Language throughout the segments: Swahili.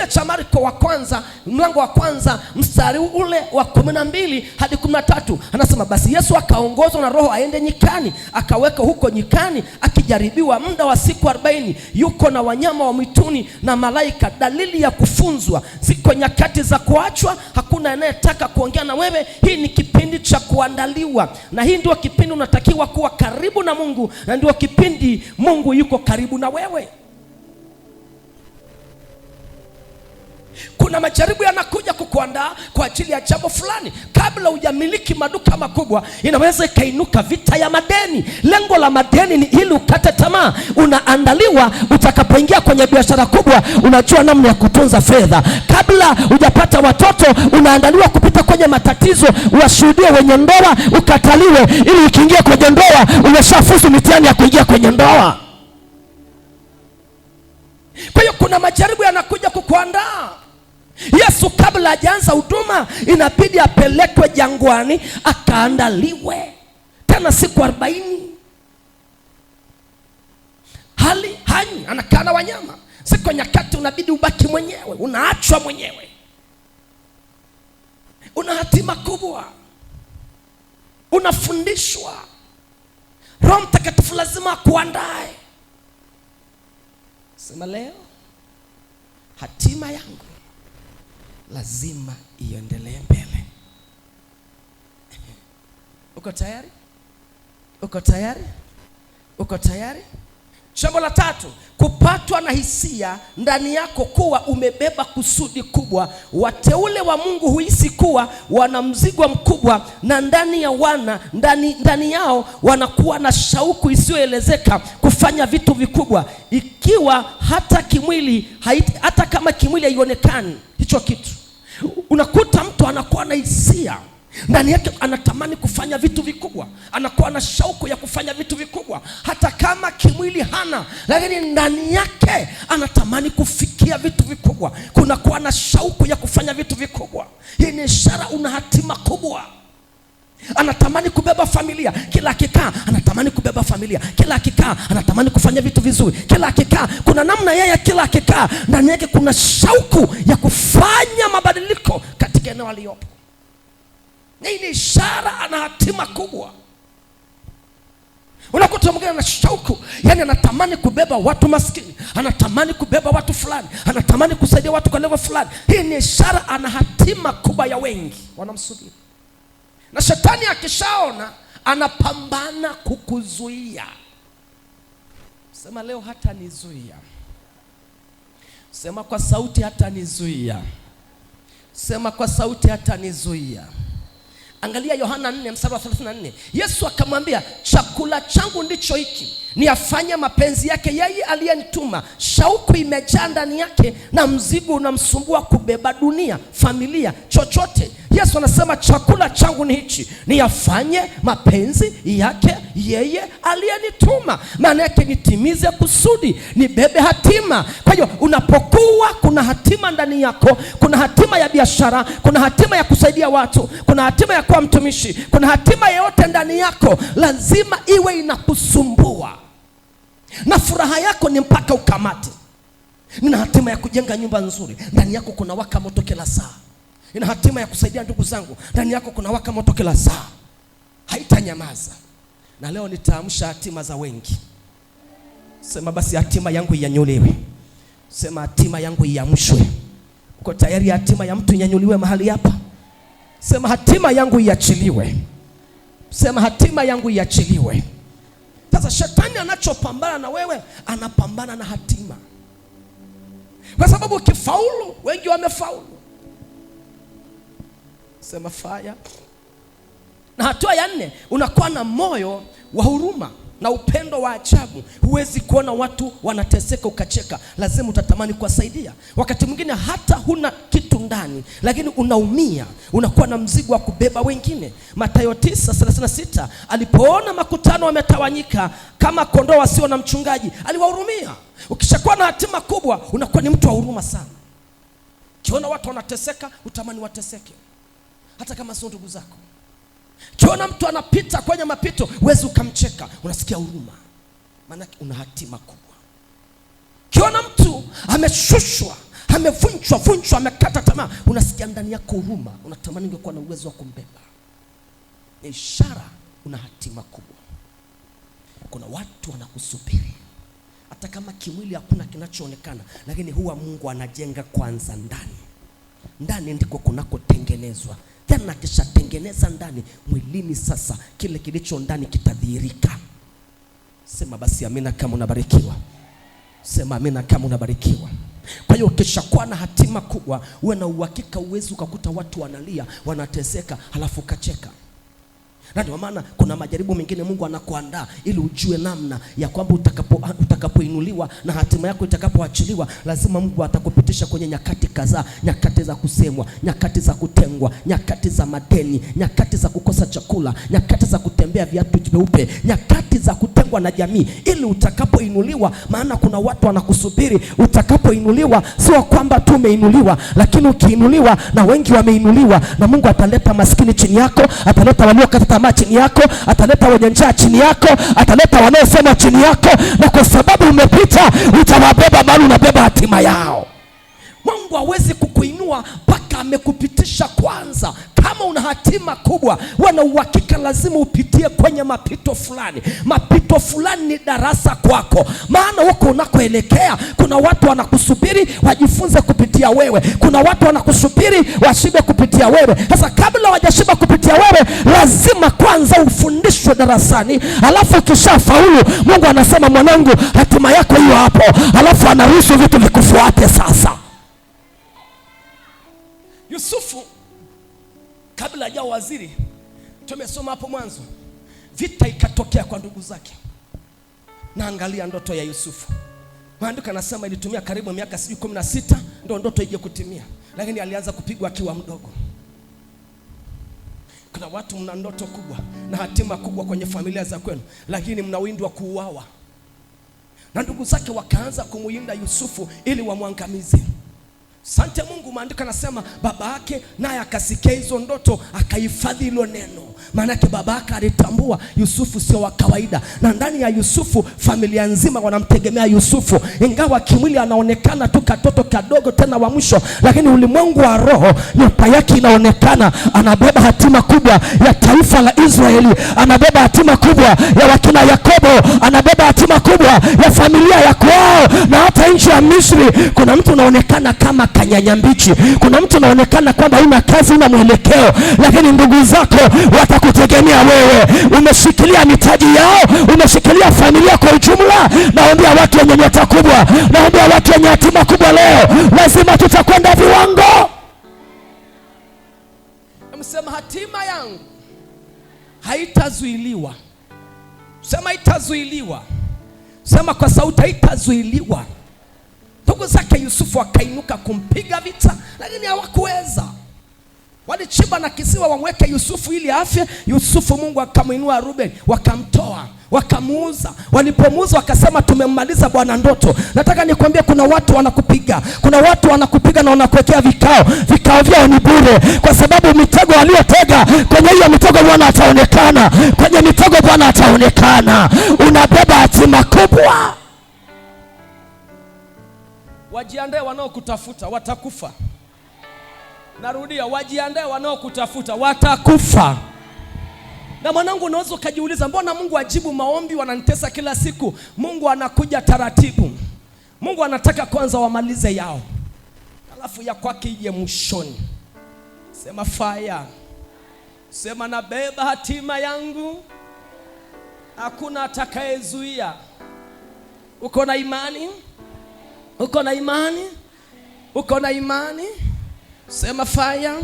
kile cha Marko wa kwanza mlango wa kwanza mstari ule wa kumi na mbili hadi kumi na tatu anasema basi Yesu akaongozwa na Roho aende nyikani, akaweka huko nyikani akijaribiwa muda wa siku arobaini, yuko na wanyama wa mwituni na malaika. Dalili ya kufunzwa, ziko nyakati za kuachwa, hakuna anayetaka kuongea na wewe. Hii ni kipindi cha kuandaliwa, na hii ndio kipindi unatakiwa kuwa karibu na Mungu, na ndio kipindi Mungu yuko karibu na wewe. Kuna majaribu yanakuja kukuandaa kwa ajili ya jambo fulani. Kabla hujamiliki maduka makubwa, inaweza ikainuka vita ya madeni. Lengo la madeni ni ili ukate tamaa. Unaandaliwa, utakapoingia kwenye biashara kubwa, unajua namna ya kutunza fedha. Kabla hujapata watoto, unaandaliwa kupita kwenye matatizo, washuhudie wenye ndoa, ukataliwe, ili ukiingia kwenye ndoa umeshafuzu mitihani ya kuingia kwenye ndoa. Kwa hiyo kuna majaribu yanakuja kukuandaa Yesu kabla hajaanza huduma inabidi apelekwe jangwani akaandaliwe tena siku arobaini hali hanyi anakaa na wanyama. siku nyakati unabidi ubaki mwenyewe, unaachwa mwenyewe, una hatima kubwa, unafundishwa. Roho Mtakatifu lazima akuandae. Sema leo hatima yangu lazima iendelee mbele. Uko tayari? Uko tayari? Uko tayari? Jambo la tatu, kupatwa na hisia ndani yako kuwa umebeba kusudi kubwa. Wateule wa Mungu huhisi kuwa wana mzigo mkubwa, na ndani ya wana ndani, ndani yao wanakuwa na shauku isiyoelezeka kufanya vitu vikubwa, ikiwa hata kimwili haiti, hata kama kimwili haionekani hicho kitu. Unakuta mtu anakuwa na hisia ndani yake anatamani kufanya vitu vikubwa, anakuwa na shauku ya kufanya vitu vikubwa, hata kama kimwili hana, lakini ndani yake anatamani kufikia vitu vikubwa, kunakuwa na shauku ya kufanya vitu vikubwa. Hii ni ishara una hatima kubwa. Anatamani kubeba familia, kila akikaa anatamani kubeba familia, kila akikaa anatamani kufanya vitu vizuri, kila akikaa kuna namna yeye, kila akikaa ndani yake kuna shauku ya kufanya mabadiliko katika eneo aliyopo ni ni ishara, ana hatima kubwa. Unakuta mwingine ana shauku, yani anatamani kubeba watu maskini, anatamani kubeba watu fulani, anatamani kusaidia watu kwa level fulani. Hii ni ishara, ana hatima kubwa ya wengi wanamsubiri, na shetani akishaona anapambana kukuzuia. Sema leo hata nizuia, sema kwa sauti hata nizuia, sema kwa sauti hata nizuia. Angalia Yohana 4 mstari wa 34. Yesu akamwambia, chakula changu ndicho hiki niyafanye mapenzi yake yeye aliyenituma. Shauku imejaa ndani yake na mzigo unamsumbua kubeba, dunia, familia, chochote. Yesu anasema chakula changu ni hichi, niyafanye mapenzi yake yeye aliyenituma. Maana yake nitimize kusudi, nibebe hatima. Kwa hiyo unapokuwa kuna hatima ndani yako, kuna hatima ya biashara, kuna hatima ya kusaidia watu, kuna hatima ya kuwa mtumishi, kuna hatima yeyote ndani yako, lazima iwe inakusumbua na furaha yako ni mpaka ukamate. Nina hatima ya kujenga nyumba nzuri, ndani yako kuna waka moto kila saa. Nina hatima ya kusaidia ndugu zangu, ndani yako kuna waka moto kila saa, haitanyamaza. Na leo nitaamsha hatima za wengi. Sema basi, hatima yangu inyanyuliwe. Sema hatima yangu iamshwe. Uko tayari hatima ya mtu inyanyuliwe mahali hapa? Sema hatima yangu iachiliwe. Sema hatima yangu iachiliwe. Sasa shetani anachopambana na wewe, anapambana na hatima, kwa sababu ukifaulu, wengi wamefaulu, sema faya. Na hatua ya nne, unakuwa na moyo wa huruma na upendo wa ajabu. Huwezi kuona watu wanateseka ukacheka, lazima utatamani kuwasaidia. Wakati mwingine hata huna kitu ndani, lakini unaumia, unakuwa na mzigo wa kubeba wengine. Mathayo 9:36 alipoona makutano wametawanyika kama kondoo wasio na mchungaji, aliwahurumia. Ukishakuwa na hatima kubwa, unakuwa ni mtu wa huruma sana. Ukiona watu wanateseka, utamani wateseke, hata kama sio ndugu zako. Kiona mtu anapita kwenye mapito, huwezi ukamcheka, unasikia huruma, maanake una hatima kubwa. Kiona mtu ameshushwa, amevunjwa vunjwa, amekata tamaa, unasikia ndani yako huruma, unatamani ungekuwa na uwezo wa kumbeba. Ni ishara una hatima kubwa. Kuna watu wanakusubiri hata kama kimwili hakuna kinachoonekana, lakini huwa Mungu anajenga kwanza ndani. Ndani ndiko kunakotengenezwa tena kishatengeneza ndani mwilini. Sasa kile kilicho ndani kitadhihirika. Sema basi amina kama unabarikiwa. Sema amina kama unabarikiwa. Kwa hiyo ukishakuwa na hatima kubwa, uwe na uhakika, uwezi ukakuta watu wanalia wanateseka, halafu ukacheka. Na ndio maana kuna majaribu mengine Mungu anakuandaa ili ujue namna ya kwamba utakapo utakapoinuliwa na hatima yako itakapoachiliwa, lazima Mungu atakupa kupitisha kwenye nyakati kadhaa, nyakati za kusemwa, nyakati za kutengwa, nyakati za madeni, nyakati za kukosa chakula, nyakati za kutembea viatu vyeupe, nyakati za kutengwa na jamii, ili utakapoinuliwa, maana kuna watu wanakusubiri utakapoinuliwa. Sio kwamba tu umeinuliwa, lakini ukiinuliwa na wengi wameinuliwa, na Mungu ataleta maskini chini yako, ataleta waliokata tamaa chini yako, ataleta wenye njaa chini yako, ataleta wanaosema chini yako, na kwa sababu umepita, utawabeba mahali unabeba hatima yao amekupitisha kwanza. Kama una hatima kubwa, wana uhakika lazima upitie kwenye mapito fulani. Mapito fulani ni darasa kwako, maana huko unakoelekea kuna watu wanakusubiri wajifunze kupitia wewe, kuna watu wanakusubiri washibe kupitia wewe. Sasa kabla wajashiba kupitia wewe, lazima kwanza ufundishwe darasani, alafu ukishafaulu, Mungu anasema mwanangu, hatima yako hiyo hapo, alafu anaruhusu vitu vikufuate sasa. Yusufu kabla ya waziri, tumesoma hapo mwanzo, vita ikatokea kwa ndugu zake. Na angalia ndoto ya Yusufu, maandiko anasema ilitumia karibu miaka sijui kumi na sita ndo ndoto ije kutimia, lakini alianza kupigwa akiwa mdogo. Kuna watu mna ndoto kubwa na hatima kubwa kwenye familia za kwenu, lakini mnawindwa kuuawa, na ndugu zake wakaanza kumuinda Yusufu ili wamwangamize. Sante Mungu, maandiko anasema baba yake naye akasikia hizo ndoto akahifadhi hilo neno. Maanake baba yake alitambua Yusufu sio wa kawaida, na ndani ya Yusufu familia nzima wanamtegemea Yusufu, ingawa kimwili anaonekana tu katoto kadogo tena wa mwisho, lakini ulimwengu wa roho nyota yake inaonekana. Anabeba hatima kubwa ya taifa la Israeli, anabeba hatima kubwa ya wakina Yakobo, anabeba hatima kubwa ya familia ya kwao nchi ya Misri, kuna mtu unaonekana kama kanyanya mbichi, kuna mtu unaonekana kwamba huna kazi, una mwelekeo, lakini ndugu zako watakutegemea wewe. Umeshikilia mitaji yao, umeshikilia familia kwa ujumla. Naombea watu wenye nyota kubwa, naombea watu wenye hatima kubwa. Leo lazima tutakwenda viwango. Msema hatima yangu haitazuiliwa. Sema haitazuiliwa. Sema kwa sauti, haitazuiliwa. Ndugu zake Yusufu wakainuka kumpiga vita, lakini hawakuweza. Walichimba na kisiwa wamweke Yusufu ili afye. Yusufu Mungu akamwinua Ruben, wakamtoa wakamuuza. Walipomuuza wakasema tumemmaliza bwana ndoto. Nataka nikwambie, kuna watu wanakupiga, kuna watu wanakupiga na wanakuwekea vikao, vikao vyao ni bure, kwa sababu mitego aliyotega, kwenye hiyo mitego Bwana ataonekana, kwenye mitego Bwana ataonekana. Unabeba hatima kubwa wajiandae, wanaokutafuta watakufa. Narudia, wajiandae, wanaokutafuta watakufa. Na mwanangu, unaweza ukajiuliza, mbona Mungu ajibu maombi? Wananitesa kila siku. Mungu anakuja taratibu. Mungu anataka kwanza wamalize yao, alafu ya kwake ije mwishoni. Sema faya, sema nabeba hatima yangu, hakuna atakayezuia. Uko na imani? Uko na imani? Uko na imani? Sema fire.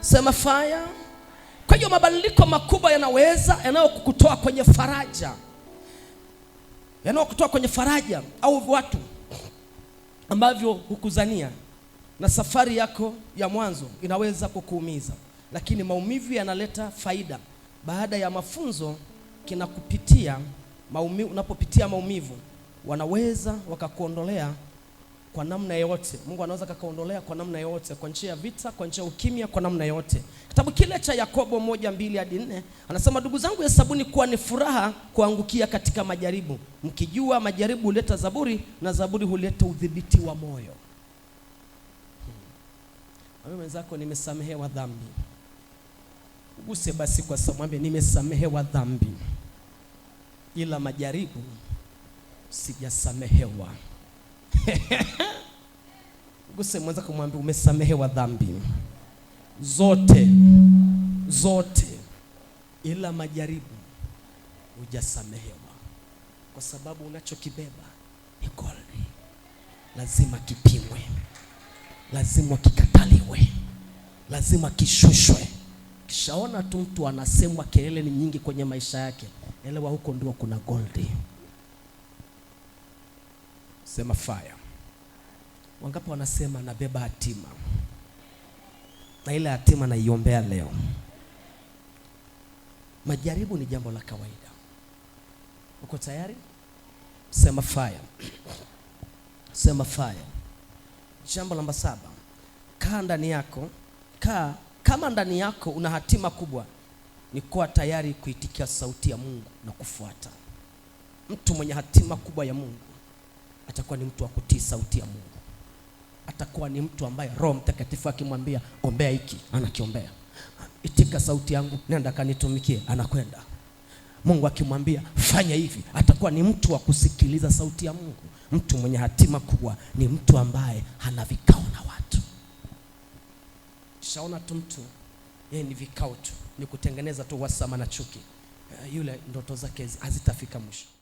Sema fire. Kwa hiyo mabadiliko makubwa yanaweza yanayokutoa kwenye faraja, yanayokutoa kwenye faraja au watu ambavyo hukuzania, na safari yako ya mwanzo inaweza kukuumiza, lakini maumivu yanaleta faida. Baada ya mafunzo kinakupitia maumivu, unapopitia maumivu wanaweza wakakuondolea kwa namna yoyote. Mungu anaweza akakuondolea kwa namna yoyote, kwa njia ya vita, kwa njia ya ukimya, kwa namna yoyote. Kitabu kile cha Yakobo moja mbili hadi nne anasema, ndugu zangu, hesabuni kuwa ni furaha kuangukia katika majaribu, mkijua majaribu huleta zaburi na zaburi huleta udhibiti wa moyo. Hmm. Mwenzako, nimesamehewa dhambi, uguse basi kwa sababu, mwambie nimesamehewa dhambi, ila majaribu sijasamehewa. Guse mweza kumwambia umesamehewa dhambi zote zote, ila majaribu hujasamehewa, kwa sababu unachokibeba ni goldi, lazima kipimwe, lazima kikataliwe, lazima kishushwe. Kishaona tu mtu anasemwa kelele ni nyingi kwenye maisha yake, elewa huko ndio kuna goldi. Sema fire. Wangapi wanasema nabeba hatima? Na ile hatima naiombea leo. Majaribu ni jambo la kawaida. Uko tayari? Sema fire. Sema fire. Jambo namba saba, kaa ndani yako. Kaa kama ndani yako una hatima kubwa, ni kuwa tayari kuitikia sauti ya Mungu na kufuata. Mtu mwenye hatima kubwa ya Mungu atakuwa ni mtu wa kutii sauti ya Mungu, atakuwa ni mtu ambaye Roho Mtakatifu akimwambia ombea hiki anakiombea, itika sauti yangu, nenda kanitumikie, anakwenda. Mungu akimwambia fanya hivi, atakuwa ni mtu wa kusikiliza sauti ya Mungu. Mtu mwenye hatima kubwa ni mtu ambaye hana vikao na watu. Shaona tu mtu yeye ni vikao tu, ni kutengeneza tu uhasama na chuki, eh, yule ndoto zake hazitafika mwisho.